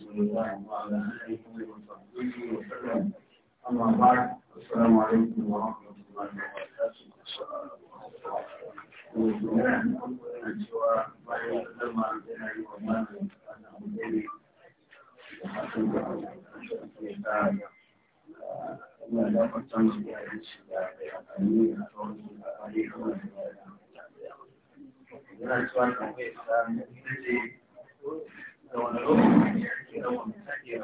صلى الله وعلى آله وصحبه وسلم أما بعد السلام عليكم ورحمة الله وبركاته Thank you. da wani lokaci ake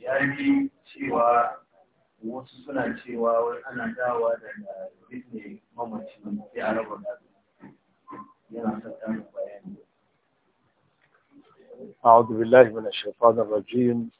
ya cewa wasu suna cewa ana dawa daga disney mamaci sai a raba gado yana sattan bayani أعوذ بالله من الشيطان الرجيم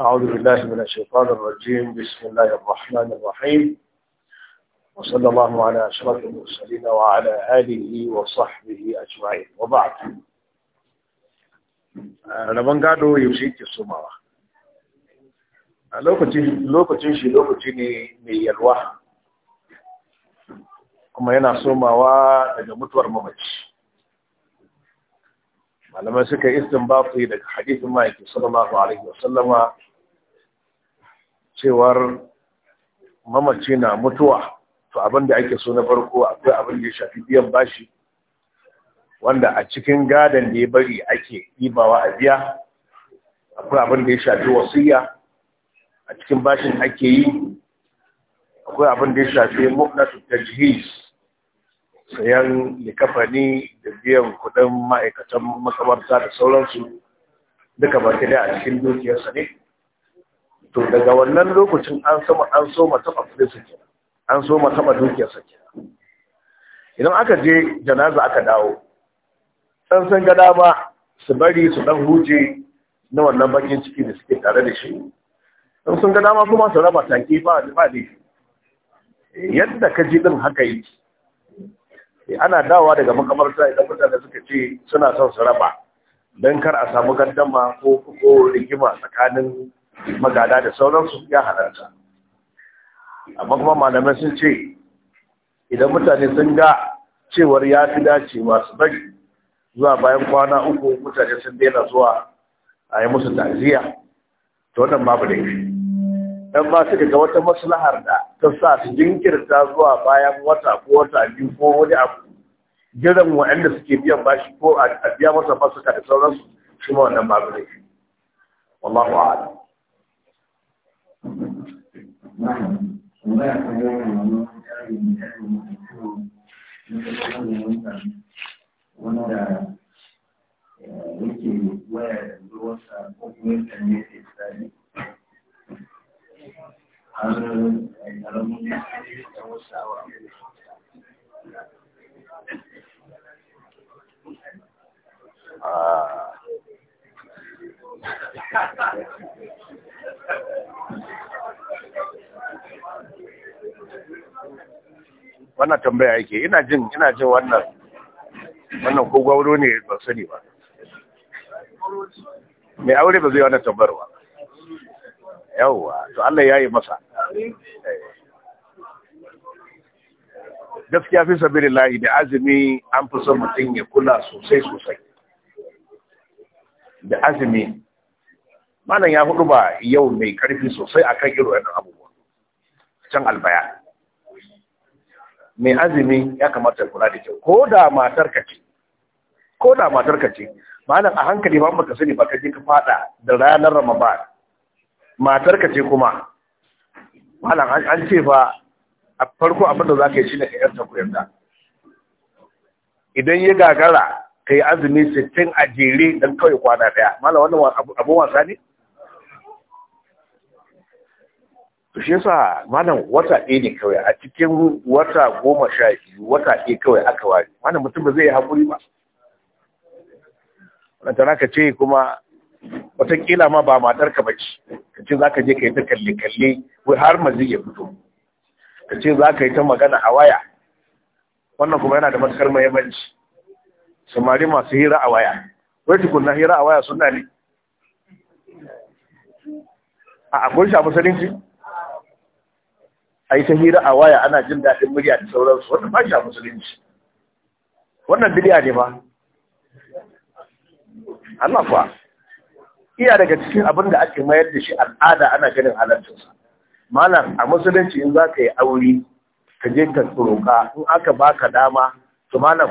أعوذ بالله من الشيطان الرجيم بسم الله الرحمن الرحيم وصلى الله على أشرف المرسلين وعلى آله وصحبه أجمعين وبعد أنا من yaushe ke somawa لو lokacin shi lokaci ne mai yalwa kuma yana somawa daga mutuwar malamai suka istinbati daga hadithin ma'aiki sallallahu alaihi wasallama cewar mamaci na mutuwa to abin da ake so na farko akwai abin da ya shafi biyan bashi wanda a cikin gadon da ya bari ake ibawa a biya akwai abin da ya shafi wasiya a cikin bashin ake yi akwai abin da ya shafi mu'natu tajhiz sayan likafani da biyan kuɗin ma'aikatan makabarta da sauransu duka ba ta a cikin dukiyarsa ne to daga wannan lokacin an sama an so mataba kudinsa ke an so mataba dukiyarsa ke idan aka je janaza aka dawo san san gada ba su bari su dan huje na wannan bakin ciki da suke tare da shi in sun ga dama kuma su raba take ba ba ne yadda ka ji din haka yake Eh, ana dawa daga makamarta idan mutane suka ce suna son su raba don kar a samu gaddama ko ko rigima tsakanin magada da sauransu ya halarta amma kuma malamai sun ce idan mutane sun ga cewar ya fi dace masu bari zuwa bayan kwana uku mutane sun daina zuwa ayi musu ta'aziyya to wannan babu laifi dan ba su daga wata maslahar da ta sa su jinkirta zuwa bayan wata ko wata biyu ko wani abu jiran waɗanda suke biyan bashi ko a biya masa basuka da sauransu shi ma wannan babu da shi wallahu a'lam wanda eh, yake waya da ruwansa ko kuma yadda ne ke tsari Ah. wannan tambaya yake ina jin ina jin wannan wannan ko gauro ne ba sani ba mai aure ba zai wannan tambayar ba yawwa to Allah ya yi masa gaskiya fi sabirin lahi da azumi an fi son mutum ya kula sosai sosai da azumi manan ya hudu ba yau mai karfi sosai akan irin yadda abubuwa can albaya mai azumi ya kamata kula da kyau ko da matar ka ce ko da matar ka ce manan a hankali ba ka sani ba ka ji ka fada da ranar ramadan matar ka ce kuma malam an ce fa a farko abinda za ka yi shi ne ka yarta ku idan ya gagara ka yi azumi sittin a jere don kawai kwana ɗaya malam wannan abu wasa ne to shi yasa malam wata ɗaya ne kawai a cikin wata goma sha biyu wata ɗaya kawai aka ware malam mutum ba zai yi haƙuri ba wannan tana ka ce kuma wataƙila ma ba matar ba ce ka ce za ka je ka yi ta kalle-kalle wai har mazi ya fito ka ce za ka yi ta magana a waya wannan kuma yana da matukar mahimmanci samari masu hira a waya wai tukunna hira a waya suna ne a akwai shafi a a yi ta hira a waya ana jin daɗin murya da sauransu wanda ba shafi a wannan bidiya ne ba Allah kuwa iya daga cikin abin da ake mayar da shi al'ada ana ganin halartarsa mana a musulunci in za ka yi aure ka je ka roƙa in aka baka dama to mana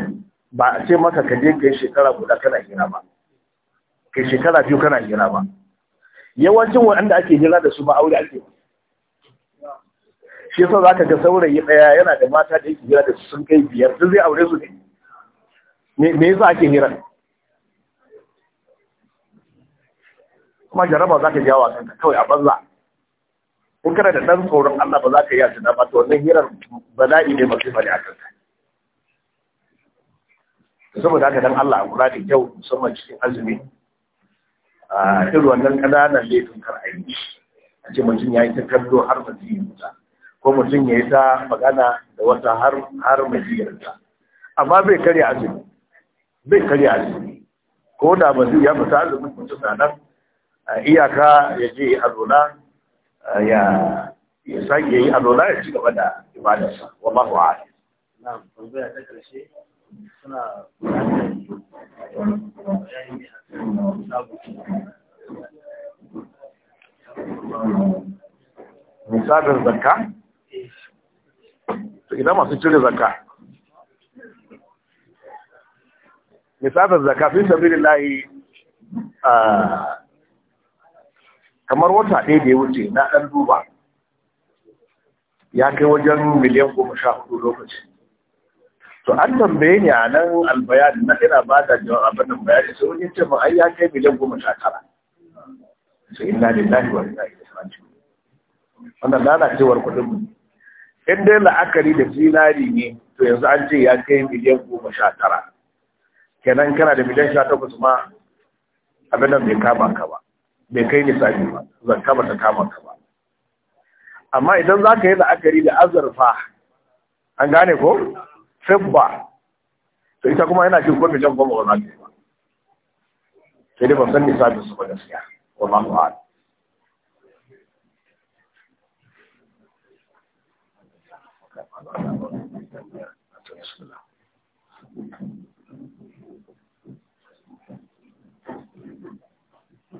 ba a ce maka ka je ka yi shekara guda kana hira ba ka yi shekara biyu kana hira ba yawancin waɗanda ake hira da su ba aure ake shi yasa za ka ga saurayi ɗaya yana da mata da yake hira da su sun kai biyar duk zai aure su ne me yasa ake hira kuma jaraba za ka jawo a kanka kawai a banza in kana da ɗan tsoron Allah ba za ka yi a tuna ba to wannan hirar bala'i ne mafi fari a kanka saboda haka dan Allah a kula da kyau musamman cikin azumi a irin wannan ƙananan laifin kar a yi a ce mutum ya yi ta kallo har mutum yi mutu ko mutum ya yi ta magana da wata har har majiyarta amma bai karya azumi bai karya azumi ko da zai ya fita azumin mutum na nan iyaka ya je alola ya ya sake yi alola ya ci gaba da ibadarsa wallahu wa na'am tambaya ta karshe suna misalin zakka eh. to idan masu cire zakka misalin zakka fi sabirin layi a ah, kamar wata ɗaya da ya wuce na ɗan duba ya kai wajen miliyan goma sha hudu lokaci to an tambaye ni a nan albayani na ina ba da jawan abin da bayani sai wajen ce ma ai ya kai miliyan goma sha tara sai ina da na hiwa ina da sanci wannan lalacewar kuɗin mu in dai la'akari da zinari ne to yanzu an ce ya kai miliyan goma sha tara kenan kana da miliyan sha takwas ma abin nan bai kama ka ba bai kai nisafi ba zan kama ta kama ka ba amma idan za ka yi la'akari da azurfa an gane ko fibba to ita kuma yana cikin kwamitin goma ba za ta ba sai dai ba san nisabin su ba gaskiya ba ba Thank you.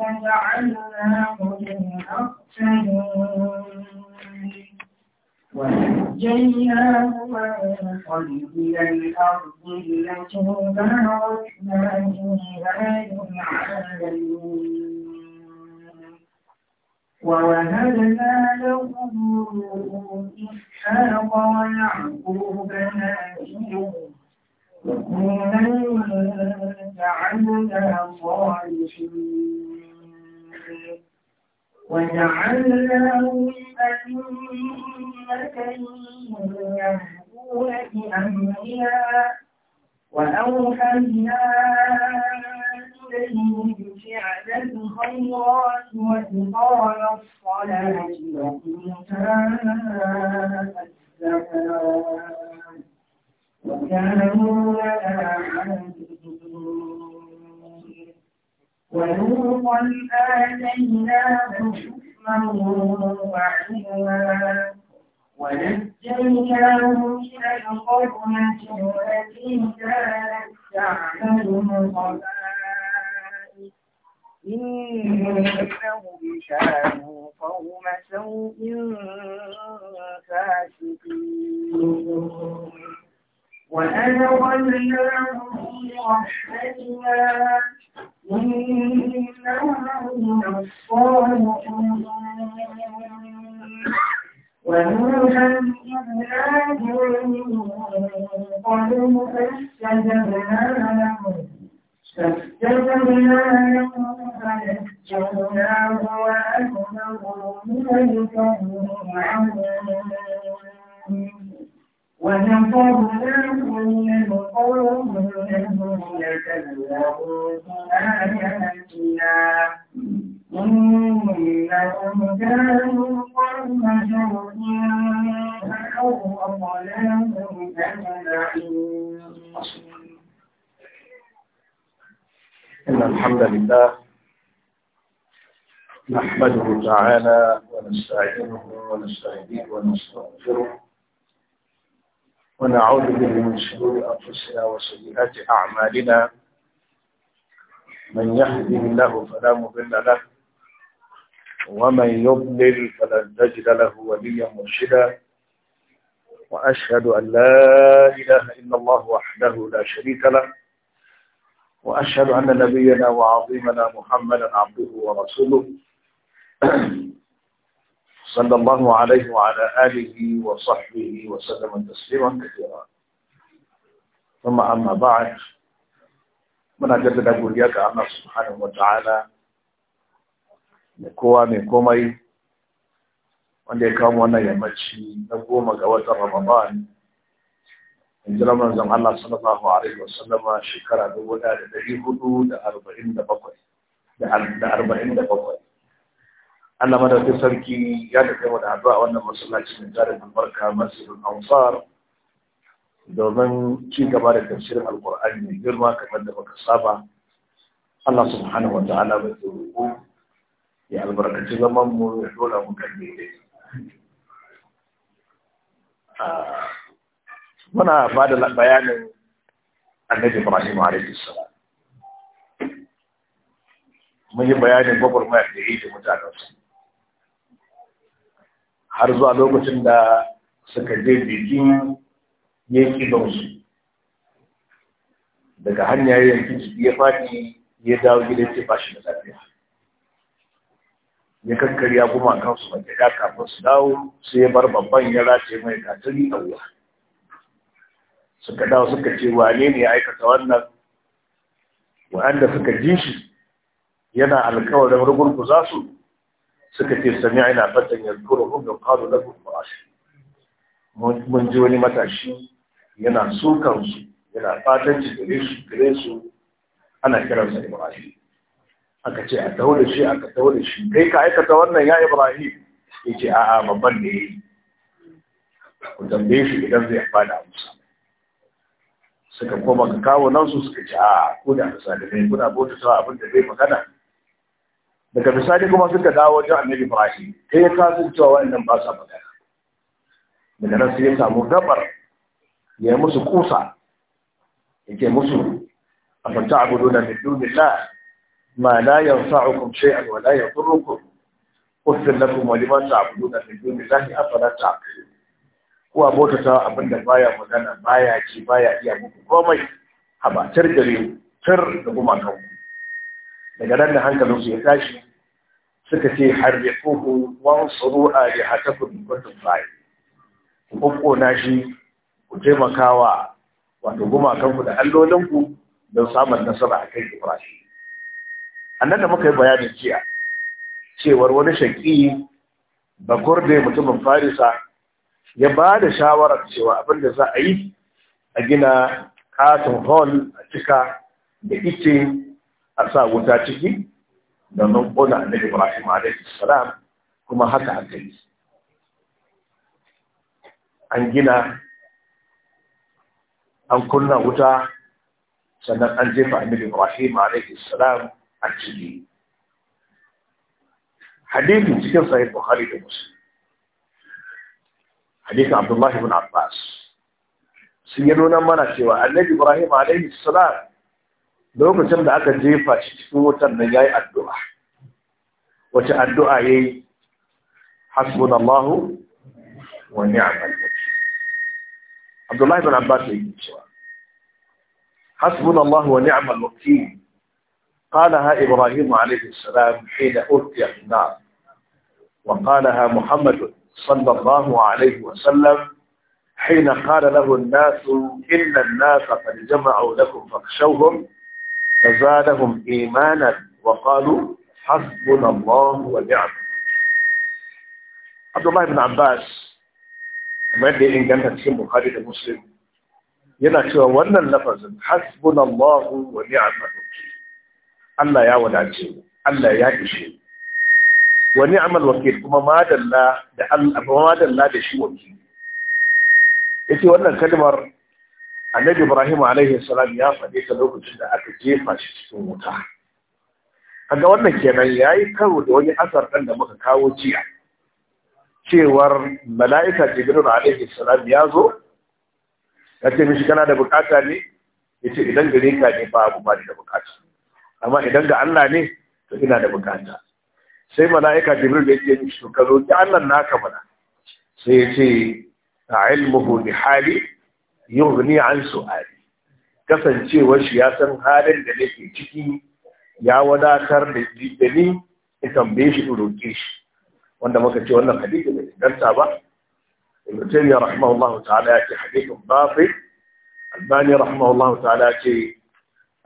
فجعلناهم أخسرون ونجيناه وأخذ إلى الأرض التي باركنا فيها للعالمين ووهبنا له إسحاق ويعقوب نافيه وكلا جعلنا صالحين وجعلناهم أئمة يهدون بأمرنا وأوحينا إليهم فعل الخيرات وإقام الصلاة وإيتاء الزكاة وكانوا لنا ولوطا آتيناه حكما وعلما ونجيناه من القرية التي كانت تعمل الخبائث إنهم كانوا قوم سوء فاسقين وأدخلناه في رحمتنا إنه من الصالحين ونوحا إذ نادى من قبل فاستجبنا له فاستجبنا له فنجيناه وأهله من الكرب العظيم ونصرناه من القوم الذين إنهم كانوا قوم شر فأو أضلاهم أجمعين إن الحمد لله نحمده تعالى ونستعينه ونستهديه ونستغفره ونعوذ به من شرور أنفسنا وسيئات أعمالنا من يهده الله فلا مضل له ومن يضلل فلن تجد له وليا مرشدا وأشهد أن لا إله إلا الله وحده لا شريك له وأشهد أن نبينا وعظيمنا محمدا عبده ورسوله صلى الله عليه وعلى آله وصحبه وسلم تسليما كثيرا ثم أما بعد من أجل أن أقول لك أن الله سبحانه وتعالى نكوى نكومي وأن يكون وانا يمشي نقوم قوات رمضان إن جرم أنزم الله صلى الله عليه وسلم شكرا بولا لدي هدود أربعين دبقوي لأربعين دبقوي Allah madaukakin sarki ya tafi mu da addu'a wannan masallaci mai tare da barka masjidul ansar domin ci gaba da tafsirin al alqur'ani mai girma kamar da muka saba Allah subhanahu wa ta'ala bai roƙo ya albarkaci zaman mu ya dora mu kan daidai ah, muna ba da bayanin annabi Ibrahim alaihi salam mun yi bayanin gwagwarmayar da ya yi da mutanensu har zuwa lokacin da suka je bikin yanki su daga hanya ya yanki jiki ya faɗi ya dawo gidan ce ba shi da lafiya ya ya kuma kan su wanda ya kafin su dawo sai ya bar babban ya race mai katari a wuwa suka dawo suka ce wane ne ya aikata wannan wa'anda suka ji shi yana alkawarin za su suka ce aina batan yadhkuruhum yuqalu lahu farash mun ji wani matashi yana sukan yana fatan ci su gare su ana kiransa ibrahim aka ce a taho da shi aka taho da shi kai ka aikata wannan ya ibrahim ya ce a'a babban yi ku tambaye shi idan zai fada musa suka koma ka kawo nan su suka ce a'a ko da ne kuna bauta abin da zai magana daga misali, kuma suka dawo wajen annabi ibrahim sai ya kasu cewa wannan ba sa magana daga nan sai ya samu gabar ya musu kusa ke musu a fanta abudu da bidunillah ma la yanfa'ukum shay'an ya la ku kusur na kuma liman ta'buduna min dunillahi afala ta. ko abota ta abinda baya magana baya ci baya iya muku komai habatar gari tur da kuma kanku daga nan da su ya tashi suka ce harriquhu suru alihatakum in kuntum fa'i ku kokkona shi ku taimakawa wato ku da allolin ku don samun nasara a kai Ibrahim. Annan da muka yi bayanin jiya, cewar wani shaki bakur da mutumin Farisa ya ba da shawarar cewa abin da za a yi a gina katon hall a cika da ice a sa wuta ciki domin ƙona annabi Ibrahim alaihi salam kuma haka aka yi an gina an kunna wuta sannan an jefa annabi Ibrahim alaihi salam a ciki hadithin cikin sahih buhari da Muslim hadithin Abdullahi bin Abbas sun yi nuna mana cewa annabi Ibrahim alaihi salam lokacin da aka jefa shi cikin wutar nan yayi addu'a wace addu'a yayi hasbunallahu wa ni'mal wakeel Abdullahi bin Abbas yi cewa hasbunallahu wa ni'mal wakeel قالها إبراهيم عليه السلام حين ألقي النار وقالها محمد صلى الله عليه وسلم حين قال له الناس إن الناس قد جمعوا لكم فاخشوهم فزادهم ايمانا وقالوا حسبنا الله ونعم عبد الله بن عباس ما يدري ان كان تسمى خالد المسلم يلا شو وانا حسبنا الله ونعم الوكيل الله يا ولد عجيب الله يا عجيب ونعم الوكيل وما لا دل الله وما دل الله بشيء وكيل يتي وانا الكلمه annabi ibrahim alaihi salam ya faɗi ta lokacin da aka jefa shi cikin wuta kaga wannan kenan yayi karo da wani asar ɗan da muka kawo jiya cewar mala'ika jibril alaihi salam ya zo ya ce mishi kana da bukata ne ya idan gare ka ne ba abu ba da bukata amma idan ga Allah ne to ina da bukata sai mala'ika jibril ya ce mishi ka zo ki Allah naka mana sai ya ce ilmuhu bi hali yughni an su'ali kasancewar shi ya san halin da nake ciki ya wadatar da ni in tambaye shi in roƙe shi wanda muka ce wannan hadisi bai inganta ba ibn taymiya rahimahullahu ta'ala ya ce hadithun bafi albani rahimahullahu ta'ala ce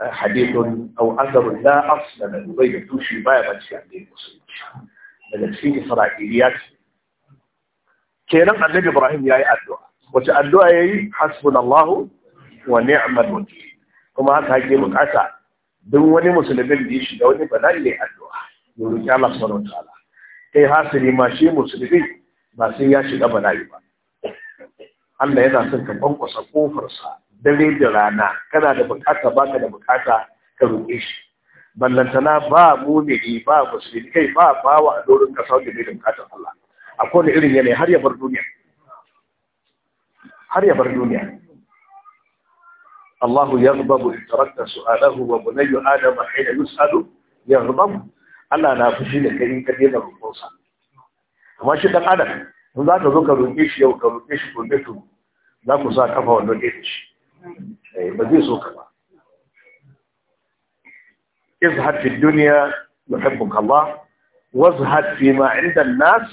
eh, hadithun aw asarun la asla lahu bai da tushi baya ba cikin addinin musulunci daga cikin isra'iliyat kenan annabi ibrahim ya yi addu'a wace addu'a ya yi yayi Allahu wa ni'mal wakeel kuma haka ke bukata don wani musulmin da ya shiga wani bala'i ne addu'a ya roki Allah subhanahu kai hasiri ma shi musulmi ba sai ya shiga bala'i ba Allah yana son ka bankwasa kofarsa dare da rana kana da bukata baka da bukata ka roƙe shi ballantana ba mu mumini ba musulmi kai ba bawa a dorin kasa wanda bai da bukatar Allah a kowane irin yanayi har ya bar duniya هر يبر الدنيا الله يغضب إن ترك سؤاله وبني آدم حين يسأل يغضب ألا لا أفشي لك إن كدير له فرصة ما شد الأدب لا تذكر إيش أو إيش قلته لا كسا كفا ولا إيش بدي سوكما ازهد في الدنيا يحبك الله وازهد فيما عند الناس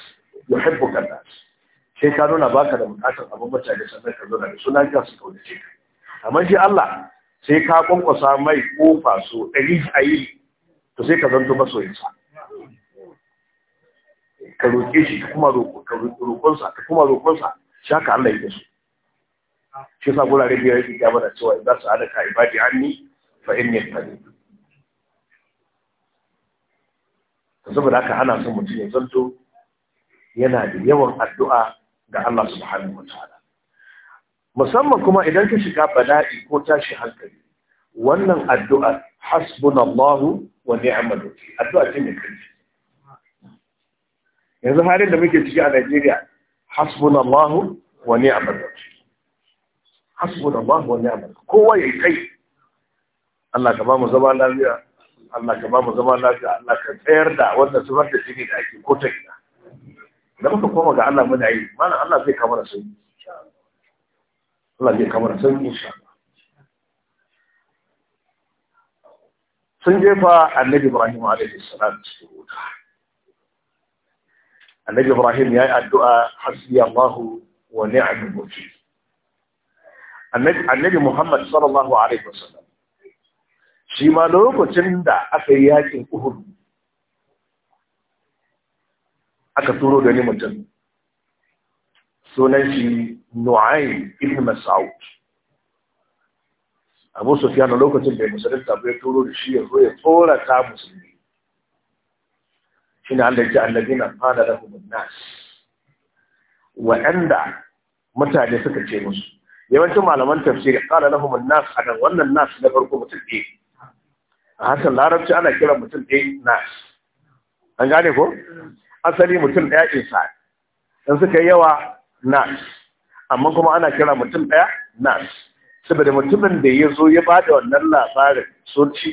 يحبك الناس sai ka nuna baka da bukatar abin mutane sannan ka zauna da su lafiya su kaunace ka amma shi Allah sai ka kwankwasa mai kofa so ɗari a yi to sai ka zanto masoyinsa ka roƙe shi ka kuma roƙonsa ka kuma roƙonsa shi haka Allah ya su shi sa gurare biyar yake ya bada cewa idan su adaka ibadi hannu fa in yattali saboda haka ana son mutum ya zanto yana da yawan addu'a ga Allah subhanahu wa ta'ala musamman kuma idan ka shiga bala'i ko tashi hankali wannan addu'a hasbunallahu wa ni'mal wakeel addu'a ce mai kanci yanzu halin da muke ciki a Najeriya hasbunallahu wa ni'mal wakeel hasbunallahu wa ni'mal kowa yayi kai Allah ka ba mu zama lafiya Allah ka ba mu zama lafiya Allah ka tsayar da wanda zubar da jini da ake ko ta gida da muka koma ga Allah muna yi mana Allah zai kama da sauki Allah zai kama da insha sun jefa annabi Ibrahim alaihi salam cikin wuta annabi Ibrahim ya yi addu'a hasbi Allahu wa ni'mal wakil annabi Muhammad sallallahu alaihi wasallam shi ma lokacin da aka yi yakin Uhud aka turo da ni mutum sunan shi nu'ayn ibn mas'ud abu sufyan lokacin da musulunta bai turo da shi ya zo ya tsora ta musulmi shine Allah ya ce allazina qala da an-nas wa'anda mutane suka ce musu yawancin malaman tafsiri qala lahum an-nas anan wannan nas na farko mutum ɗaya a hasan larabci ana kiran mutum ɗaya nas an gane ko asali mutum ɗaya insa in suka yi yawa nas amma kuma ana kira mutum ɗaya nas saboda mutumin da ya zo ya ba da wannan labarin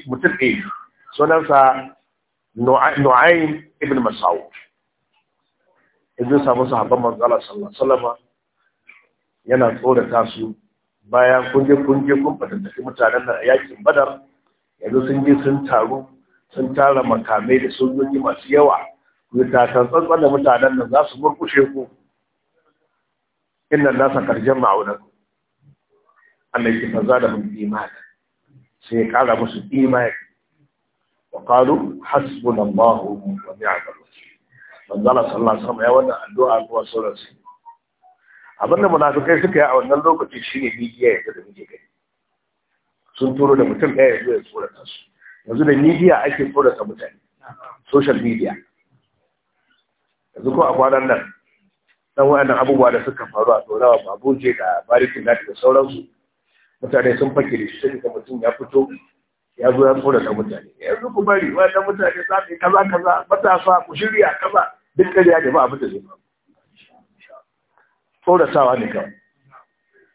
mutum ɗaya sunansa Nu'ayin ibn In idan samu su haɓar manzala sallama yana tsorata su bayan kun je kun je fatattaki mutanen nan yakin Badar yanzu sun je sun taru sun tara makamai da sojoji masu yawa ku tsantsan da mutanen nan za su murkushe ku inna nasa karjan ma'aunan Allah yake fa da mun imani sai ya musu imani wa qalu hasbunallahu wa ni'mal wakeel manzala sallallahu alaihi wasallam ya wannan addu'a ko sauran su abinda munafikai suka yi a wannan lokaci shine bidiya yanzu da muke gani sun turo da mutum ɗaya zo ya tsorata su yanzu da media ake tsorata mutane social media yanzu ko a kwanan nan dan wa'annan abubuwa da suka faru a tsorawa ba buje da barikin da da sauransu mutane sun fake da shi sai da mutum ya fito ya zo ya tsora da mutane yanzu ku bari wa'annan mutane za su yi kaza kaza matasa ku shirya kaza duk kariya ne ba abin da zai faru sawa ne kawai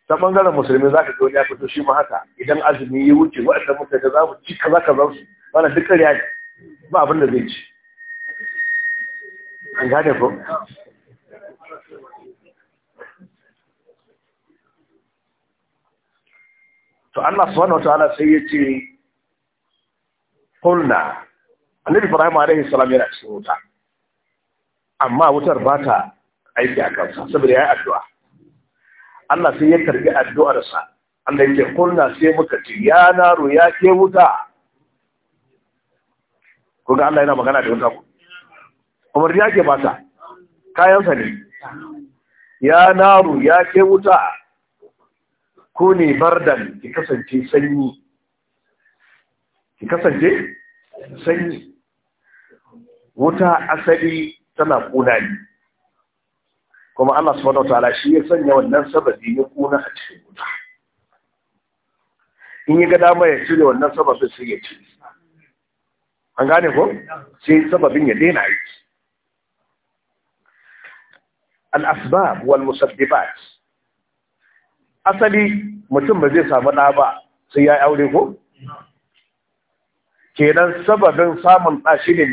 ta bangaren musulmi za ka ya fito shi ma haka idan azumi ya wuce waɗanda mutane za mu ci kaza kaza su wannan duk kariya ne ba abin da zai ci an gane ko to Allah subhanahu wataala sai ya ce kulna annabi Ibrahim alaihi salam yana cikin wuta amma wutar ba ta aiki a kansa saboda yayi addu'a Allah sai ya karbi addu'arsa Allah yake kulna sai muka ce ya naro ya ke wuta ga Allah yana magana da wuta ku umarni ke bata kayansa ne ya naru ya ke wuta ko ne bardan ki kasance sanyi ki kasance sanyi wuta asali tana kuna ne kuma Allah subhanahu wataala shi ya sanya wannan sababi ya kuna a cikin wuta in yi ga dama ya cire wannan sababin sai ya ci an gane ko sai sababin ya daina aiki al'asbab wal musabbibat asali mutum ba zai samu ɗa ba sai ya yi aure ko? kenan sababin samun ɗa shi ne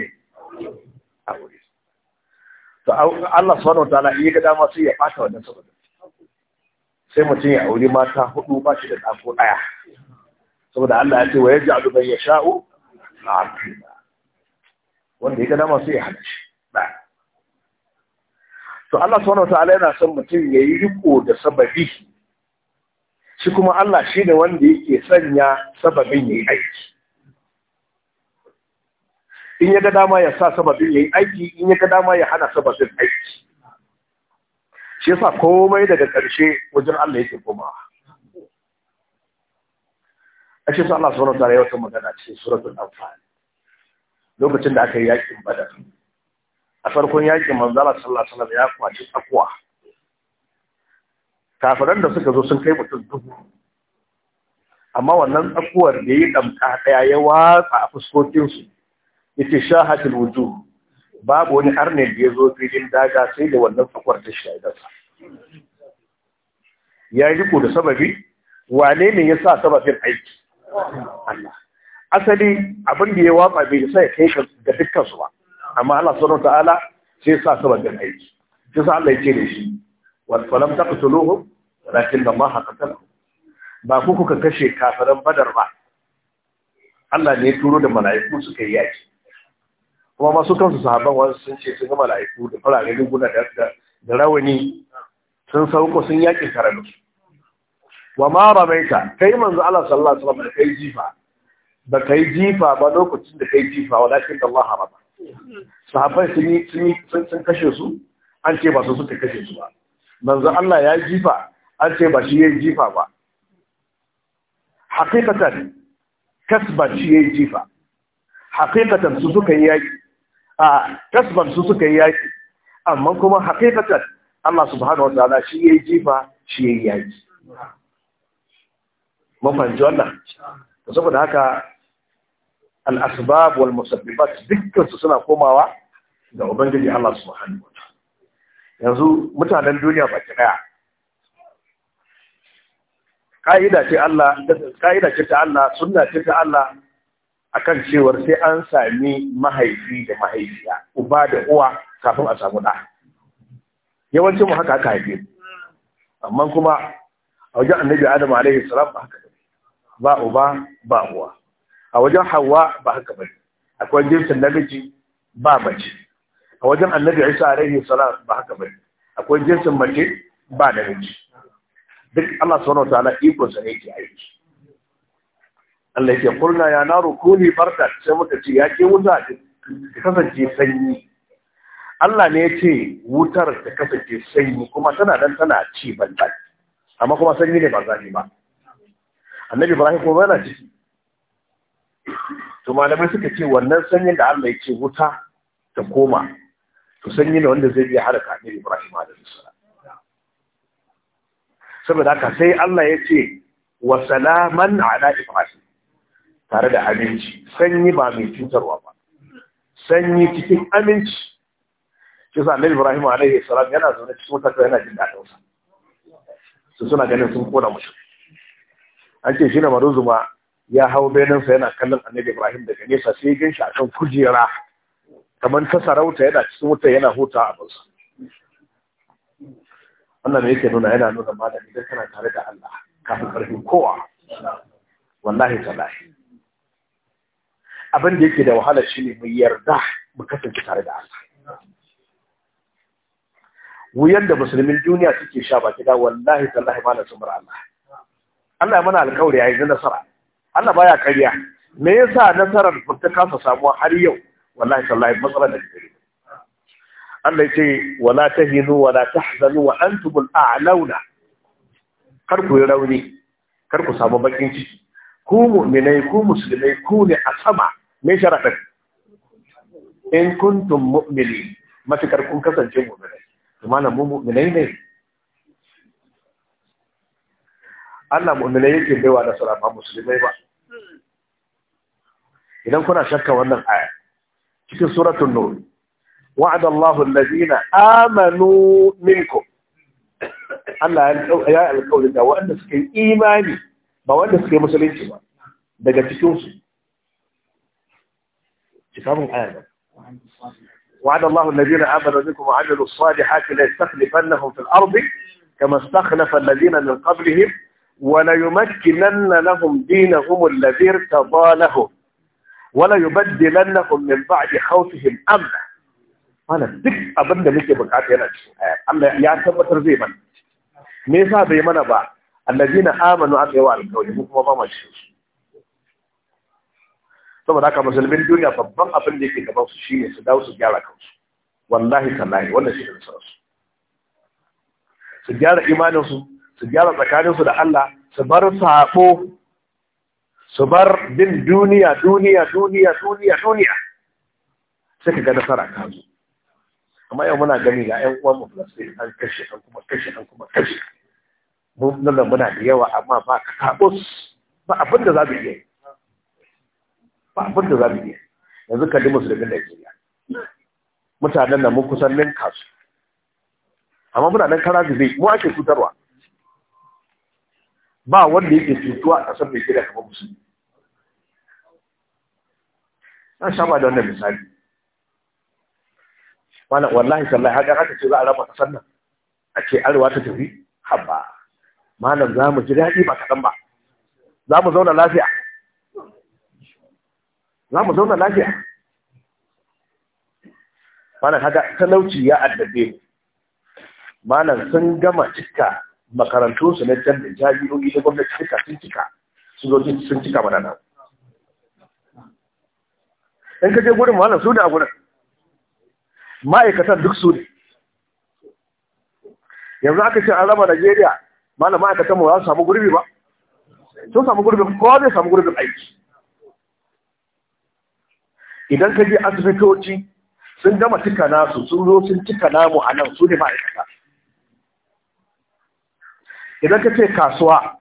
aure to Allah subhanahu na iya gada masu ya fata wannan sababin sai mutum ya aure mata hudu ba shi da ɗafo ko ɗaya saboda Allah ya ce wa yaj'alu ya sha'u? Na wanda ya ga dama ya iya to Allah subhanahu wataala yana son mutum ya yi riko da sababi shi kuma Allah shi ne wanda yake sanya sababin ya yi aiki in ya ga dama ya sa sababin ya yi aiki in ya ga dama ya hana sababin aiki shi yasa komai daga ƙarshe wajen Allah yake komawa a shi sa Allah subhanahu ya wata magana cikin suratul amfani, lokacin da aka yi yakin badar a farkon yakin manzala sallallahu alaihi ya kwaci takwa kafiran da suka zo sun kai mutum dubu amma wannan tsakuwar da yi damka daya ya watsa a fuskokinsu yace shahatul wuju. babu wani arne da ya zo filin daga sai da wannan tsakuwar ta shaidarsa ya yi riko da sababi wane ne ya sa sababin aiki Allah asali abin da ya watsa bai sai kai ga dukkan su ba amma Allah subhanahu ta'ala sai sa sababin aiki sai sa Allah yake da shi wal falam taqtuluhu lakin Allah qatalahu ba ku kuka kashe kafiran badar ba Allah ne ya turo da mala'iku su yi yaki kuma masu kansu sahabban wasu sun ce sun ga mala'iku da fararen guna, da rawani sun sauko sun yaƙi tare da su wa ma rabaita kai manzo Allah sallallahu alaihi wasallam kai jifa ba kai jifa ba lokacin da kai jifa walakin Allah harama sahabai sun yi sun yi sun kashe su an ce ba su suka kashe su ba manzo Allah ya jifa an ce ba shi ya jifa ba haqiqatan kasba shi ya jifa haqiqatan su suka yi yaki a kasban su suka yi yaki amma kuma haqiqatan Allah subhanahu wa ta'ala shi ya jifa shi ya yaki mun fahimci wannan saboda haka al-asbab wal musabbibat dukkan suna komawa ga ubangiji Allah subhanahu yanzu mutanen duniya baki daya ka'ida ce Allah ka'ida ce ta Allah sunna ce ta Allah akan cewar sai an sami mahaifi da mahaifiya uba da uwa kafin a samu da yawancin mu haka aka haife amma kuma a wajen annabi Adam alaihi salam ba uba ba uwa a wajen hawa ba haka bane akwai jinsin namiji ba mace a wajen annabi isa alaihi salam ba haka bane akwai jinsin mace ba namiji duk Allah subhanahu wataala iko sa ne yake aiki Allah yake kulna ya naru kuni barda sai muka ce ya ke wuta ta kasance sanyi Allah ne ya ce wutar ta kasance sanyi kuma tana dan tana ci ban amma kuma sanyi ne ba zafi ba annabi ibrahim kuma yana ciki to malamai suka ce wannan sanyin da Allah ya ce wuta ta koma to sanyi ne wanda zai iya haraka ne Ibrahim alaihi salam saboda haka sai Allah ya ce wa salaman ala Ibrahim tare da aminci sanyi ba mai cutarwa ba sanyi cikin aminci shi sa annabi Ibrahim alaihi salam yana zaune cikin wuta yana jin dadin sa su suna ganin sun kona mushi an ce shi ne maruzuma ya hau benansa yana kallon annabi ibrahim daga nesa sai gan shi akan kujera kamar ta sarauta yana cikin wuta yana huta a bansa wannan yake nuna yana nuna malami da kana tare da Allah kafin karfi kowa wallahi tallahi abin da yake da wahala shine mu yarda mu kasance tare da Allah wuyan da musulmin duniya suke sha baki da wallahi tallahi malam sumar Allah Allah ya mana alƙawari yayin nasara Allah baya karya me yasa nasarar ba ta kasa samuwa har yau wallahi tallahi matsalar da take Allah ya ce wala tahinu wala tahzanu wa al a'launa kar ku yi rauni kar ku samu bakin ciki ku mu'minai ku musulmai ku ne a sama me sharadin in kuntum mu'mini matukar kun kasance mu'minai kuma nan mu mu'minai ne Allah mu'minai yake baiwa da ba musulmai ba idan kuna shakka wannan aya cikin suratul nur wa'ada Allahu allazina amanu minkum Allah ya alƙawari da wanda suke imani ba wanda suke musulunci ba daga cikin su cikamun aya ne وعد الله الذين آمنوا منكم وعملوا الصالحات ليستخلفنهم في الأرض كما استخلف الذين من قبلهم وليمكنن لهم دينهم الذي ارتضى لهم wala yubaddilannahum min ba'di khawfihim amna mana duk abin da muke bukata yana cikin aya Allah ya tabbatar zai mana me yasa bai mana ba allazina amanu aka yi wa alƙawari mu kuma ba mu shi saboda haka musulmin duniya babban abin da yake gaban su shine su dawo su gyara kansu wallahi tallahi wannan shi ne sarrafa su gyara imaninsu su gyara tsakaninsu da Allah su bar sabo su bar bin duniya duniya duniya duniya duniya sai ka ga nasara ka zo amma yau muna gani ga ƴan uwan mu sai an kashe an kuma kashe an kuma kashe mun da muna da yawa amma ba ka kabus ba abin da za mu iya ba abin da za mu iya yanzu ka dimu su da Najeriya mutanen nan mun kusan nan kasu amma muna nan karazi zai mu ake cutarwa ba wanda yake cutuwa a ƙasar mai kira kamar musulmi Zan saba da wannan misali wannan wallahi sallahi haka aka ce za a raba ƙasar nan a ce arewa ta tafi haba. malam za mu ji daɗi ba kaɗan ba za mu zauna lafiya za mu zauna lafiya malam haka talauci ya addabe mu malam sun gama cika makarantu su na can da jami'o'i da gwamnati suka sun cika sojoji sun cika mana nan in ka je gurin malam su da gurin ma'aikatan duk su ne yanzu aka ce an raba Najeriya malam ma'aikatan mu za su samu gurbi ba sun samu gurbin kowa zai samu gurbin aiki idan ka je asibitoci sun gama cika nasu sun zo sun cika namu a nan su ne ma'aikata idan ka ce kasuwa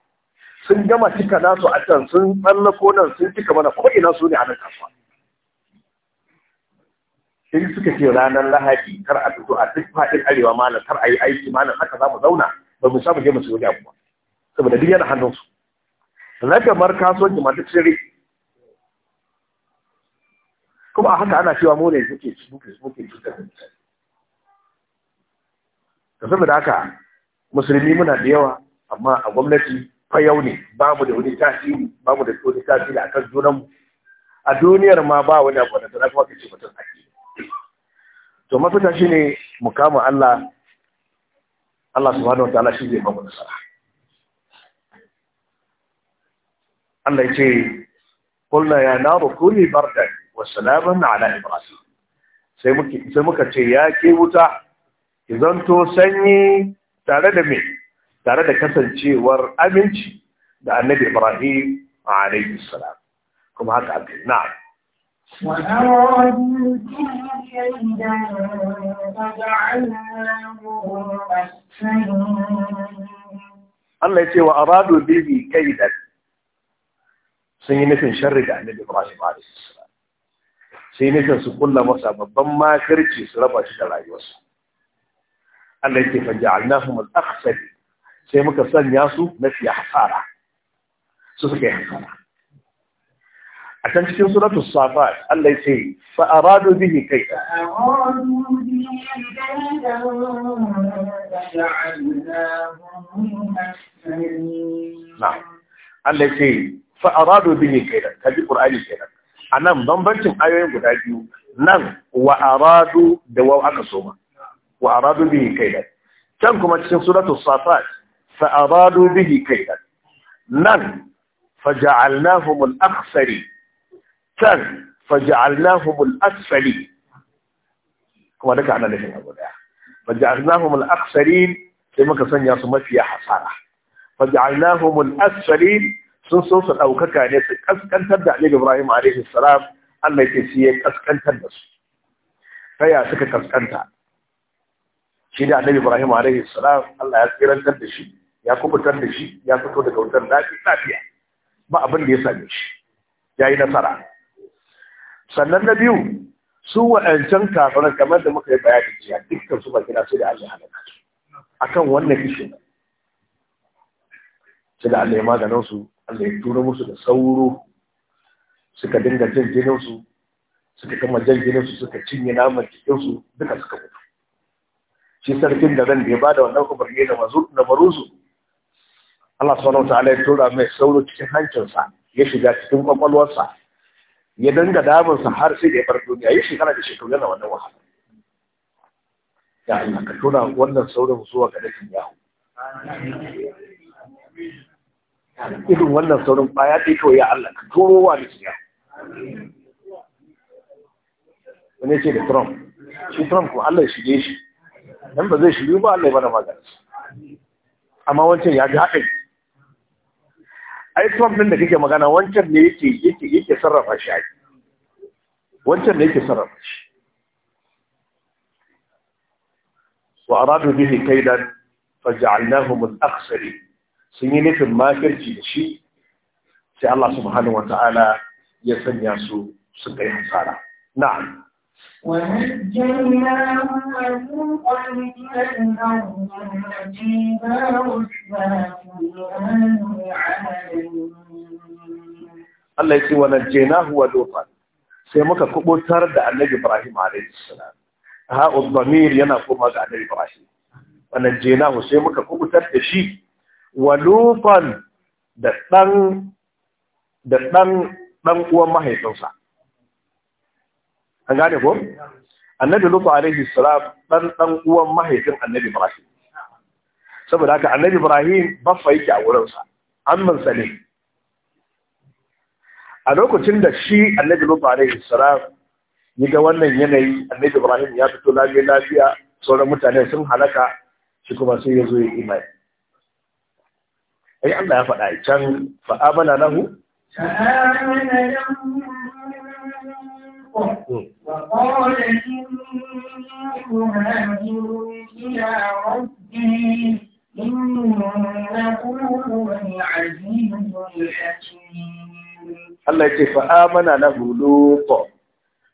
sun gama cika nasu a can sun tsallako nan sun cika mana ko ina su ne a nan kasuwa in suka ce ranar lahadi kar a fito a duk faɗin arewa malam kar a yi aiki malam haka za mu zauna ba mu samu je mu siyo abu ba saboda duk yana hannunsu na kamar kasuwanci ma duk sirri kuma a haka ana cewa mu ne suke suke suke cutar da saboda haka musulmi muna da yawa amma a gwamnati fayau ne babu da wani tasiri babu da wani tasiri a kan junanmu a duniyar ma ba wani abu da ta kuma kace mutum ke to mafita shine mu kama Allah Allah subhanahu wa ta'ala shi zai ba mu nasara Allah ya ce ya يا نار كوني wa وسلاما ala Ibrahim, sai muka ce ya ke wuta ki zanto sanyi tare da me tare da kasancewar aminci da annabi Ibrahim alaihi salam kuma haka aka yi na'am Allah ya ce wa aradu bihi kaidan sun yi nufin sharri da annabi Ibrahim alaihi salam sai nufin su kulla masa babban makirci su raba shi da rayuwarsa Allah ya ce fa ja'alnahum al-akhsari sai muka sanya su siya hasara su suka yi hasara a can cikin suratun safa Allah ce fa'aradu aradu bihi kai Allah ce fa aradu bihi kai ka ji da. A nan bambancin ayoyin guda biyu nan wa'aradu da wa aka soma wa aradu bihi kai can kuma cikin suratun safat فأرادوا به كيدا من فجعلناهم الأخسر كان فجعلناهم الأسفل كما ذكرنا لكم أبو الله فجعلناهم الأخسرين كما كسن يصمت في حصارة فجعلناهم الأسفلين سنصوص أو كان يعني أسكن تبدأ لإبراهيم عليه السلام أن يتسيك أسكن تبس فيا سكت أسكنتا شدع لإبراهيم عليه السلام الله يتسيك أسكن ya kubutar da shi ya fito daga wutar daji lafiya ba abin da ya same shi ya yi nasara sannan na biyu su wa'ancan kafiran kamar da muka yi bayanin jiya dukkan su ba kira su da Allah halaka su akan wannan kishi su da Allah ya maganin su Allah ya tura musu da sauro suka dinga jan jinin su suka kama jan jinin su suka cinye naman jikin su duka suka mutu shi sarkin da zan da ya bada wannan umarni na mazu na maruzu Allah subhanahu ta'ala ya tura mai sauro cikin hancinsa ya shiga cikin kwakwalwarsa ya danga damunsa har sai da ya bar duniya ya shekara da shekaru yana wannan wahala ya Allah ka tura wannan sauran zuwa ga dakin yahu irin wannan sauran baya ɗaya kawai ya Allah ka turo wa dakin yahu wani ce da Trump shi Trump kuma Allah ya shige shi dan ba zai shige ba Allah ya bada magana amma wancan ya ga haɗin ai Trump din da kake magana wancan ne yake yake yake sarrafa shi wancan ne yake sarrafa shi wa aradu bihi kaidan faj'alnahum al akhsari sun yi nufin makirci da shi sai Allah subhanahu wa ta'ala ya sanya su su kai hasara na'am Allah ya ce wa najjaynahu huwa, lutan sai muka kubutar da Annabi Ibrahim alayhi salam ha udhamir yana kuma ga Annabi Ibrahim wa hu sai muka kubutar da shi wa lutan da dan da dan dan uwan mahaifinsa an gane ko annabi lutu alaihi salam dan dan uwan mahaifin annabi ibrahim saboda haka annabi ibrahim baffa yake a wurin sa amman a lokacin da shi annabi lutu alaihi salam ya ga wannan yanayi annabi ibrahim ya fito lafiya lafiya sauran mutane sun halaka shi kuma sai ya zo ya imani ai Allah ya faɗa can fa amana lahu lahu Allah ya ce fa'amana na huluto,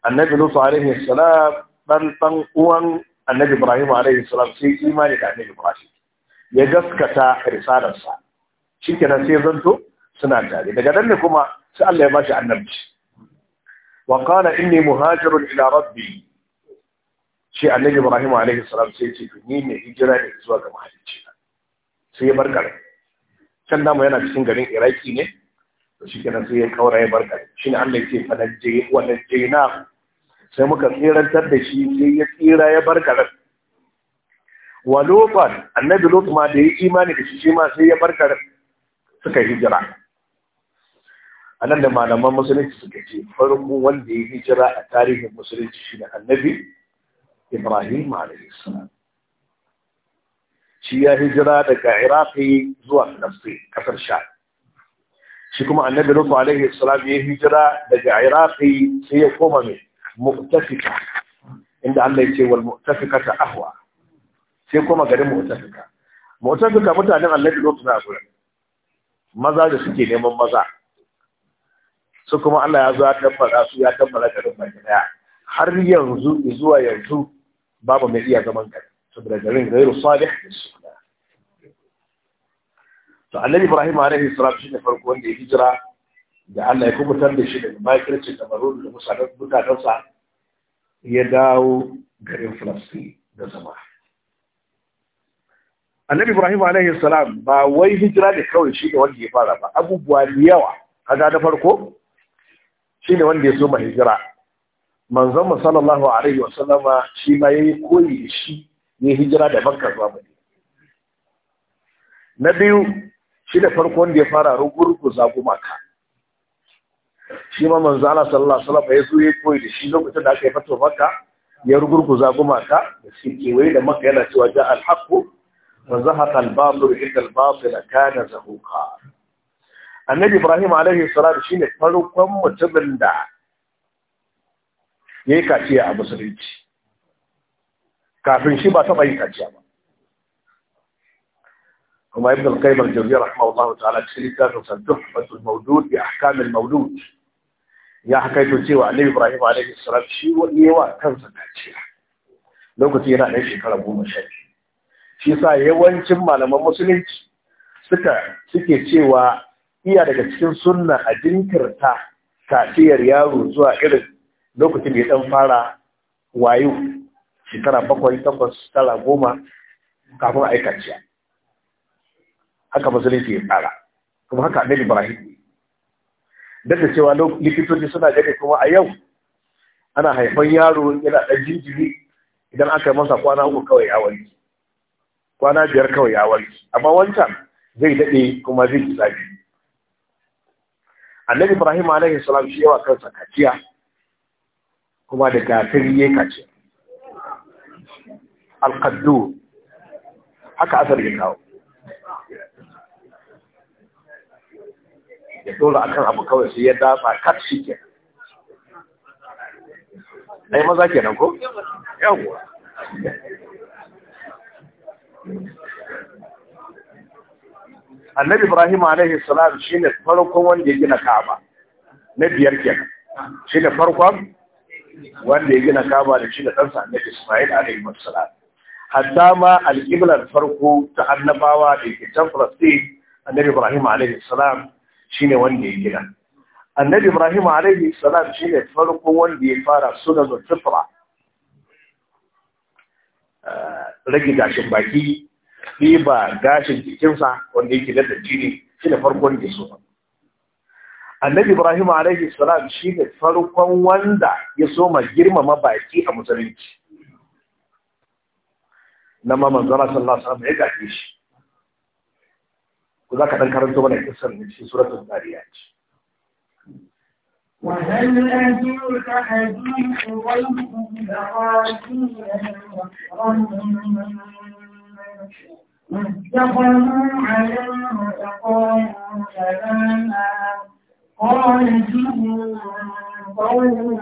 annabi Lutu alaihi salam ɗan ɗan uwan annabi Ibrahim alaihi salam sai imani da annabi Ibrahim ya gaskata risalarsa, shi kenan sai zanto suna jari, Daga nan ne kuma sai Allah ya ba shi annabci. وقال qala مهاجر muhajirun ربي rabbi shi annabi ibrahim alaihi salam sai ce to ni ne hijira ne zuwa ga mahalicci sai ya bar garin can namu yana cikin garin iraki ne to shi kenan sai ya kaura ya bar garin shi ne Allah yake fadar je je na sai muka tsirantar da shi sai ya tsira ya bar garin wa lutan annabi lutan da ya imani da shi shi ma sai ya bar garin suka hijira Anan da malaman musulunci suka ce farko wanda ya hijira a tarihin musulunci shi ne annabi ibrahim alaihissalam shi ya hijira daga iraki zuwa filastin kasar sha shi kuma annabi rufu alaihissalam ya hijira daga iraki sai ya koma mai mu'tafika inda allah ya ce wal mu'tafika ta ahwa sai koma garin mu'tafika mu'tafika mutanen annabi rufu na gurin maza da suke neman maza su kuma Allah ya zo ya tabbata su ya tabbata garin baki daya har yanzu zuwa yanzu babu mai iya zaman gari saboda garin gairu salih da su to annabi ibrahim alaihi salatu ne farko wanda ya hijira da Allah ya kubutar da shi daga makirci da marun da musadan mutanensa ya dawo garin Falastin da zama annabi ibrahim alaihi salam ba wai hijira da kawai shi da wanda ya fara ba abubuwa da yawa kaga na farko Shi ne wanda ya so ma hijira manzon mu sallallahu alaihi wa sallama shi ma yayi koyi da shi ne hijira da Makka zuwa Madina na biyu shi da farko wanda ya fara rugurguza gumaka shi ma manzon Allah sallallahu alaihi wasallam ya zo ya koyi da shi lokacin da aka yi fatuwa Makka ya rugurguza gumaka da shi kewaye da Makka yana cewa ja al-haqqu wa zahaqa al-batil inna al batil kana zahuqa annabi ibrahim alaihi salatu shine farkon mutumin da yayi kaciya a musulunci kafin shi ba taɓa yin kaciya ba kuma ibn al-qayyim al-jawziyya rahimahullahu ta'ala cikin littafin sa tuhfatul mawdud bi ahkam al-mawdud ya hakaito cewa annabi ibrahim alaihi salatu shi ne wa kansa kaciya Lokaci yana da shekara goma sha biyu shi sa yawancin malaman musulunci suka suke cewa iya daga cikin sunna a jinkirta tafiyar yaro zuwa irin lokacin da ya dan fara wayo shekara bakwai takwas shekara goma kafin aikaciya haka musulunci ya tsara kuma haka annabi ibrahim duk da cewa likitoci suna gani kuma a yau ana haifan yaro yana dan jinjiri idan aka masa kwana uku kawai ya warke kwana biyar kawai ya warke amma wancan zai daɗe kuma zai ji zafi annabi ibrahim alaihi salam shi yawa kansa kaciya kuma da gatari ya kaci alqaddu haka asar ya kawo ya dole akan abu kawai sai ya dafa kat shi ke ai maza kenan ko yawa annabi ibrahim alaihi salam shine farkon wanda ya gina ka'aba na biyar kenan shine farkon wanda ya gina ka'aba da shi da ɗansa annabi isma'il alaihi salam hatta ma alƙiblar farko ta annabawa da ke can falastin annabi ibrahim alaihi salam shine wanda ya gina annabi ibrahim alaihi salam shine farko wanda ya fara sunan fitra eh, rage gashin baki ɗiba gashin jikinsa wanda yake da jini shi da farkon da so annabi ibrahim alaihi salam shi ne farkon wanda ya soma girmama baki a musulunci na ma manzara sallallahu alaihi wasallam ya gaje shi ku zaka dan karanto mana kissar ne shi suratul zariyat وَهَلْ أتيك حديث ضيف إبراهيم نصرا واتقوا عليه وتقول سلاما قال فيه قول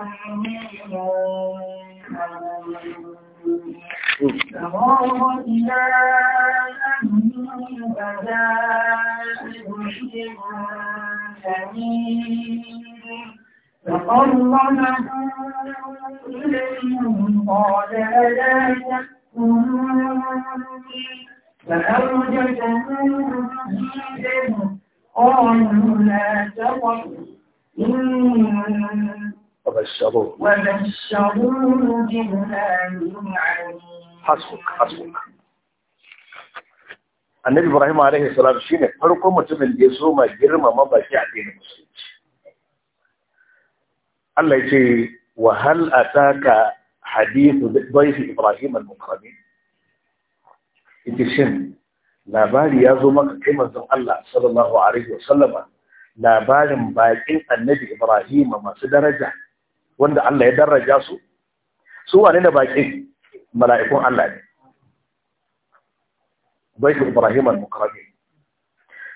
فراغ إلى أهله فجاء بشير جميل فقربه إليهم قال ألا تأكل فأوجدنا حيدا قالوا لا تطع وبشروه وبشروه بغلام عليم حسبك حسبك annabi ibrahim alaihi salam shine farko mutumin da ya so ma girmama baki a dinin musulunci Allah ya ce wa hal ataka حديث ضيف Ibrahim المكرمين mukrami ita shin labari ya zo maka kai الله Allah sallallahu alaihi wa sallama labarin bakin annabi Ibrahim masu daraja wanda Allah ya daraja su su wane ne mala'ikun Allah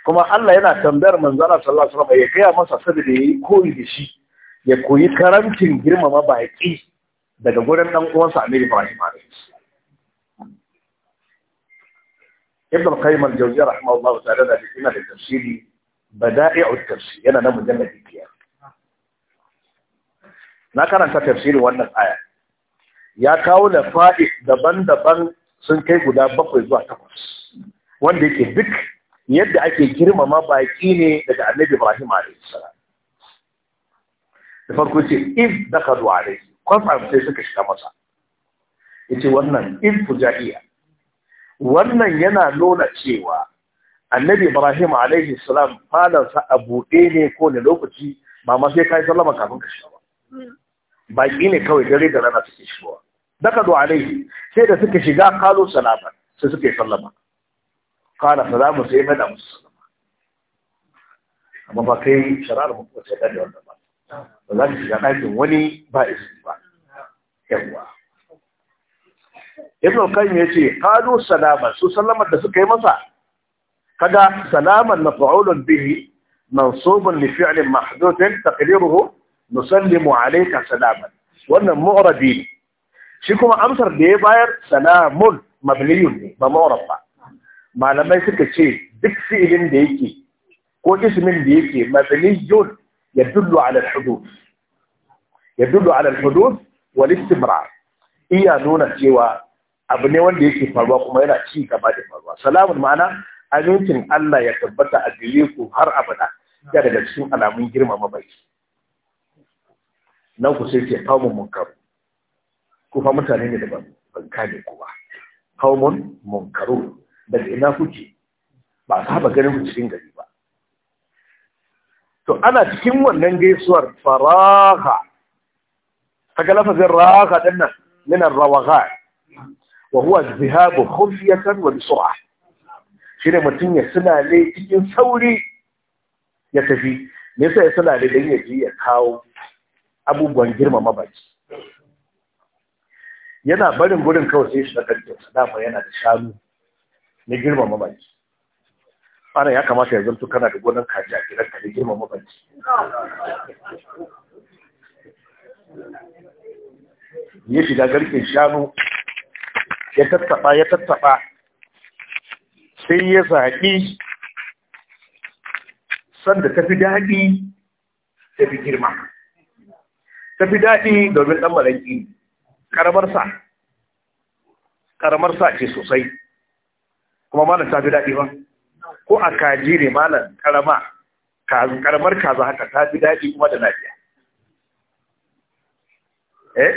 kuma Allah yana tambayar manzara sallallahu alaihi wasallam ya gaya masa saboda yayi koyi da shi ya koyi karamcin girmama baki daga gurin ɗan uwansa Amir Ibrahim Alayhis. Ibn Qayyim al-Jawziyya rahimahullah ta'ala da cikin da tafsiri Bada'i'u tafsir yana na mujalladi biyar. Na karanta tafsirin wannan aya. Ya kawo da fa'i daban-daban sun kai guda bakwai zuwa takwas. Wanda yake duk yadda ake girmama baƙi ne daga Annabi Ibrahim alayhi salam. Da farko ce iz dakalu kwatsam sai suka shiga masa yace wannan irtija'iya wannan yana nuna cewa annabi ibrahim alaihi salam falansa a buɗe ne ko ne lokaci ba ma sai kai sallama kafin ka shiga ba baki ne kawai dare da rana suke shigowa daga do alaihi sai da suka shiga kalo salama sai suka yi sallama kana salamu sai mai musu sallama amma ba kai mu mutum sai da wannan ba ba za ka shiga ɗakin wani ba izini ba yawwa ibn ce, yace qalu salama su salamar da suka yi masa kaga salaman maf'ulun bihi mansubun li fi'lin mahdhuthin taqdiruhu nusallimu alayka salaman wannan mu'rabi ne shi kuma amsar da ya bayar salamun mabniyun ne ba mu'rab ba malamai suka ce duk fi'ilin da yake ko ismin da yake mabniyun يدل على الحدوث يدل على الحدوث والاستمرار iya nuna cewa abu ne wanda yake faruwa kuma yana ci gaba da faruwa salamun ma'ana amincin Allah ya tabbata a gare ku har abada ya daga cikin alamun girmama baki nan ku sai ke munkaru ku fa mutane ne da ban kane ku ba munkaru daga ina kuke ba a saba ganin ku cikin gari ba to ana cikin wannan gaisuwar faraha kaga lafazin raha din nan min ar-rawaha wa huwa zihabu khufyatan wa bisu'a shi da mutum ya ne cikin sauri ya tafi me yasa ya ne dan ya ji ya kawo abubuwan girmama baki yana barin gurin kawai sai shi da kanta da yana da shanu na girmama baki ana ya kamata ya zanto kana da gonar kaji a gidan kaji da girma mabanci ya shiga garkin shanu ya tattaɓa ya tattaba sai ya zaɓi sanda tafi daɗi tafi girma tafi daɗi domin ɗan malaki ƙaramar sa sa ce sosai kuma ma ta fi daɗi ba ko a kaji ne malam karama karamar kaza haka ta ji daɗi kuma da lafiya eh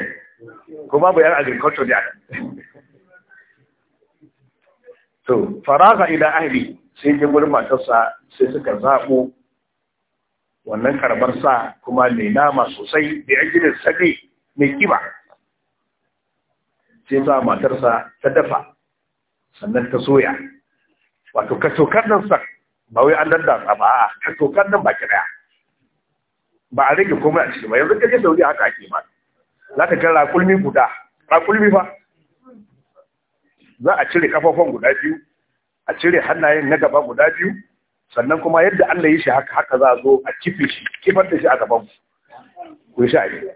kuma yar agriculture ne a to faraga ila ahli sai ya gurin matarsa sai suka zaɓo wannan karbar sa kuma mai nama sosai da ya gidan sade mai kiba sai sa matarsa ta dafa sannan ta soya wato ka tokar nan sa ba wai an da ba a ka tokar nan baki daya ba a rage komai a ciki ba yanzu kaje dauri haka ake ma za ka kira kulmi guda kulmi fa za a cire kafafan guda biyu a cire hannayen na gaba guda biyu sannan kuma yadda Allah ya shi haka haka za a zo a kifin shi kifar da shi a gaban ku sha ne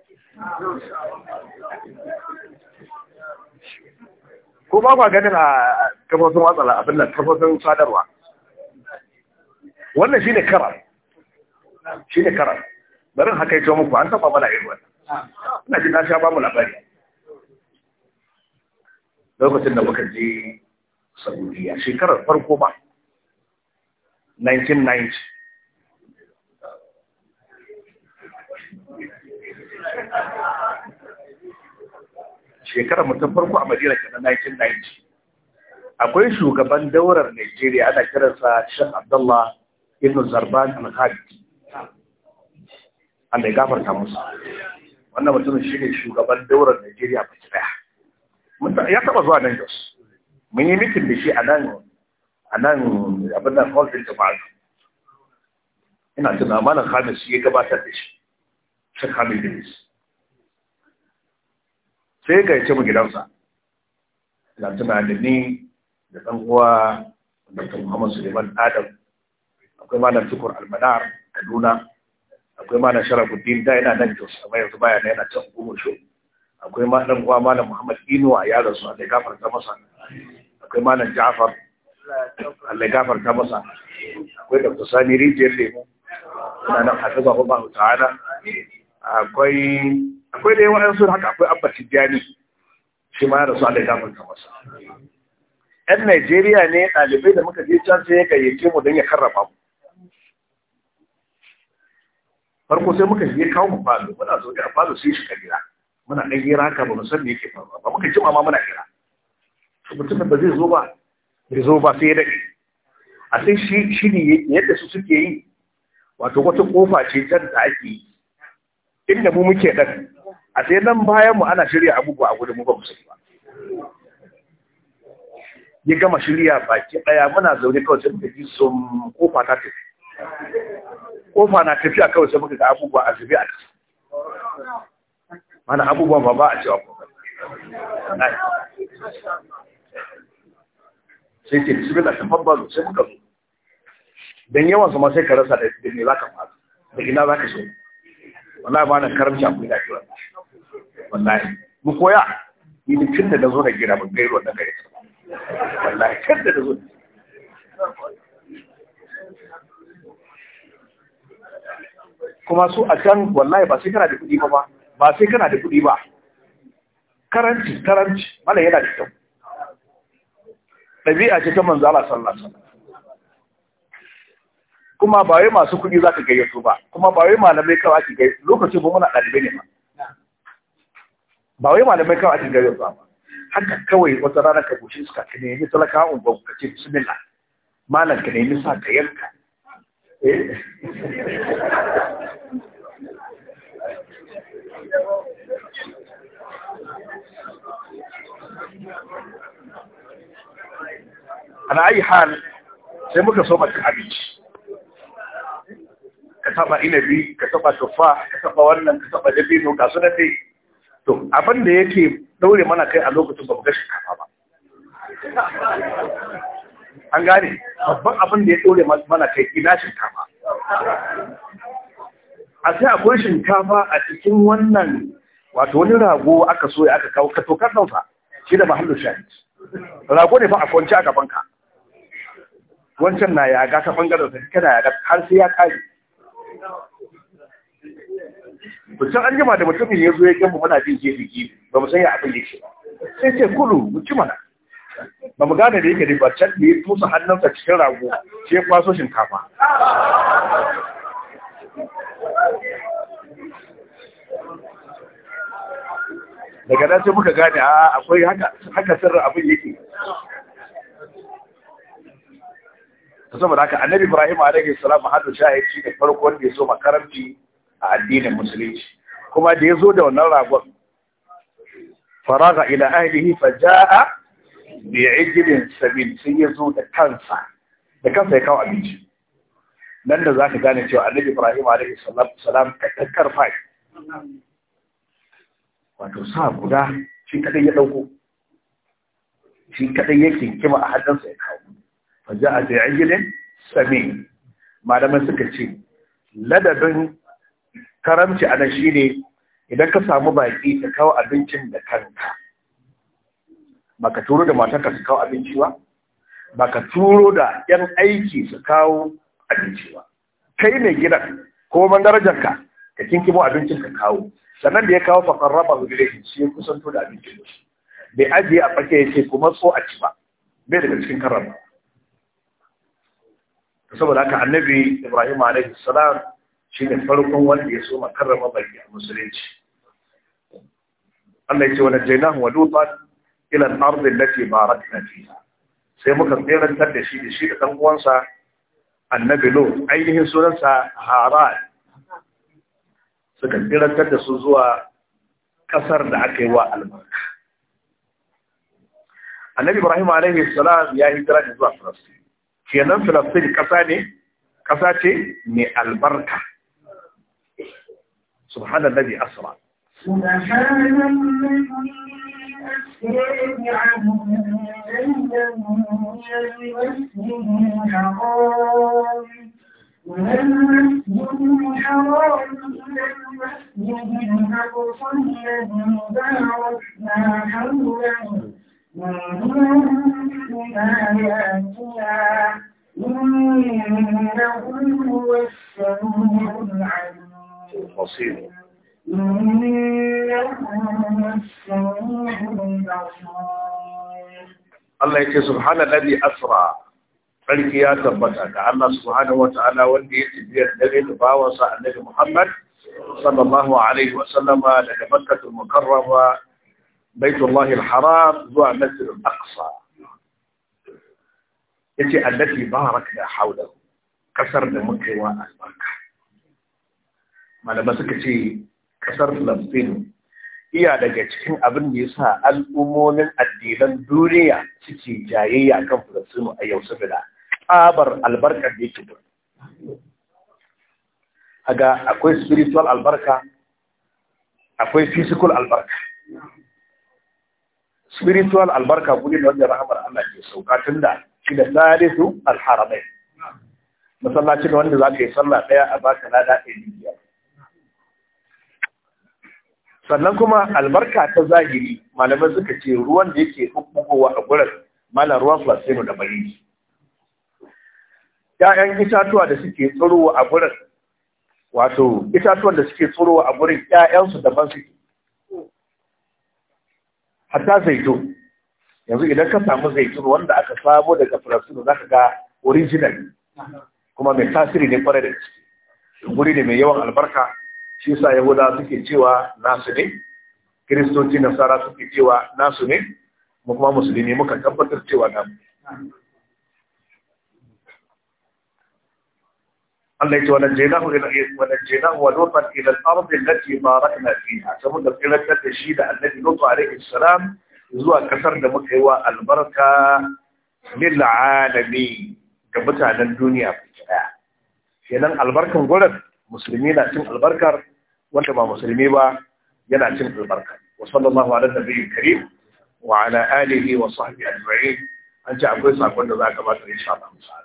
ko ba ba ganin a kafofin watsa abin nan kafofin sadarwa wannan shine karar shine karar bari haka yake muku an taba mana irin wannan ina jin na sha ba mu labari lokacin da muka je Saudiya shekarar farko ba 1990 shekarar mutum farko a Madina na 1990 akwai shugaban daular Najeriya ana kiransa Sheikh Abdullah Ibn Zarban Al-Khalid Allah ya gafarta musu wannan mutum shi ne shugaban daular Najeriya baki daya ya taba zuwa nan Jos mun yi mitin da shi a nan a nan abin da hall din jama'a ina tuna malam shi ya gabatar da shi Sheikh Hamid Idris sai ga ya ce mu gidansa na tuna da ni da ɗan uwa Dr. Muhammad Suleiman Adam akwai malam Tukur Almanar Kaduna akwai malam Sharafuddin da yana nan Jos amma yanzu baya na yana can Sho akwai malam uwa malam Muhammad Inu a yaron su Allah ta masa akwai malam Ja'far Allah ta masa akwai Dr. Sani Rijiyar Lemu yana nan Hafiza Ubaru Ta'ala akwai akwai dai waɗansu haka akwai Abba Tijjani shi ma ya rasu Allah gafarta masa 'yan Najeriya ne ɗalibai da muka je can sai ya gayyace mu don ya karrama mu. Farko sai muka je kawo mu falo, muna zo a falo sai shiga gida. Muna ɗan gira haka ba mu san me yake faruwa ba, muka jima ma muna hira. Mutumin ba zai zo ba, bai zo ba sai ya daɗe. A sai shi shi ne yadda su suke yi, wato wata kofa ce can da ake yi. Inda mu muke ɗan, a sai nan bayan mu ana shirya abubuwa a gudun mu ba mu sani ba. ya gama shirya baki daya muna zaune kawai sai muka ji sun kofa ta tafi kofa na tafiya kawai sai muka ga abubuwa a zube a ciki mana abubuwan ba ba a cewa sai ke bismillah ta zuwa, sai muka zo don yawan su ma sai ka rasa da ne za ka faru da ina za ka so wallahi ba na karamci akwai da ba. wallahi mu koya ni tun da na zo na gida ban gairo na gare ka kuma su a can wallahi ba sai kana da kuɗi ba ba sai kana da kuɗi ba karanci karanci mana yana da kyau ɗabi'a ce ta manzo Allah sallallahu kuma ba wai masu kuɗi ka gayyato ba kuma ba wai malamai kawai ake gayyato lokacin ba muna ɗalibai ne ba ba wai malamai kawai ake gayyato ba haka kawai wata rana ka bushe suka ka nemi talaka unguwa ka ce bismillah malam ka nemi sa ka yanka eh? ana ayi hal sai muka so maka abinci ka taba inabi ka taba tuffa ka taba wannan ka taba dabino ga su na to abin da yake daure mana kai a lokacin ba mu ga shinkafa ba an gane babban abin da ya daure mana kai ina shinkafa a sai akwai shinkafa a cikin wannan wato wani rago aka soya aka kawo ka tokar nan shi da mahallin shahid rago ne fa a kwanci aka banka wancan na yaga ta bangaren da kana yaga har sai ya kare to can an jima da mutumin ya zo ya gama muna jin gefe gini ba mu san ya abin yake ba sai ce kulu mu ci mana ba mu gane da yake da barcan da ya tusa hannunsa cikin rago sai kwaso shinkafa daga nan sai muka gane a akwai haka sirrin abin yake saboda haka annabi ibrahim alaihi salam hadu shahid shi ne farko wanda ya so makaranti a addinin musulunci kuma da ya zo da wannan ragon faraga ila ahlihi fa jaa bi ijlin sabil sai ya zo da kansa da kansa ya kawo abinci nan da zaka gane cewa annabi Ibrahim alaihi salatu salam kakkar fai wato sa guda shi kadai ya dauko shi kadai yake kima a hannunsa ya kawo fa jaa bi ijlin sabil malaman suka ce ladabin karamci a nan shi ne idan ka samu baƙi ka kawo abincin da kanka ba ka turo da matarka su kawo abinci ba ba ka turo da yan aiki su kawo abinci ba kai mai gidan ko man darajarka ka kinkimo abincin ka kawo sannan da ya kawo fakar raba ilayhi shi ya kusanto da abincin da shi bai ajiye a fake ya ce kuma so a ci ba bai daga cikin karama saboda haka annabi ibrahim alaihi salam shi ne farkon wanda ya so makarrama bari a musulunci Allah ya ce wani jaina wa lutan ila al-ardi allati barakna fiha sai muka tsirantar da shi da shi da dan uwansa annabi lo ainihin sunansa haran suka tsirantar da su zuwa kasar da aka yi wa albarka annabi ibrahim alaihi salam ya hijira da zuwa filastin kenan filastin kasa ne kasa ce mai albarka سبحان الذي أسرى سبحان الذي أسرع عن من المسجد الحرام إلى المسجد الأقصى الذي باركنا حوله من آياتنا إنه هو السميع العليم فصيل الله يكي سبحان الذي أسرى فلك يا تبتا كأن سبحانه وتعالى ولي يتبيا النبي نباوة النبي محمد صلى الله عليه وسلم لك مكة المكرمة بيت الله الحرام ذو مثل الأقصى التي التي باركنا حوله كسرنا مكة وأسبركه malama suka ce kasar Filistin iya daga cikin abin da ya sa al'ummomin addinan duniya suke jayayya kan Filistin a yau saboda tsabar albarkar da yake Haga akwai spiritual albarka, akwai physical albarka. Spiritual albarka kuni da wanda rahamar Allah ke sauka tun da shi da salisu alharamai. Masallaci da wanda za ka yi sallah ɗaya a baka lada ɗaya biyar. sannan kuma albarka ta zahiri malamai suka ce ruwan da yake bugowa a gurin malar ruwan plasino da bari Ya'yan itatuwa da suke tsirowa a gurin wato itatuwan da suke tsirowa a gurin da daban suke hatta zaito yanzu idan ka samu zaitun wanda aka samo daga plasino za ka ga original kuma mai tasiri ne kwarai da ciki guri ne mai yawan albarka shi yasa yahuda suke cewa nasu ne kiristoci nasara suke cewa nasu ne mu kuma musulmi muka tabbatar cewa na Allah ya ce wannan jenahu ila wannan jenahu wa lutan ila al-ard allati barakna fiha saboda tsiratar da shi da annabi lutu alaihi salam zuwa kasar da muka yi wa albarka lil alami ga mutanen duniya kenan albarkan gurin musulmi na cin albarkar wanda ba musulmi ba yana cin albarka wa sallallahu ala nabiyyi karim wa ala alihi wa sahbihi ajma'in an ce akwai sakon da za ka ba ta insha Allah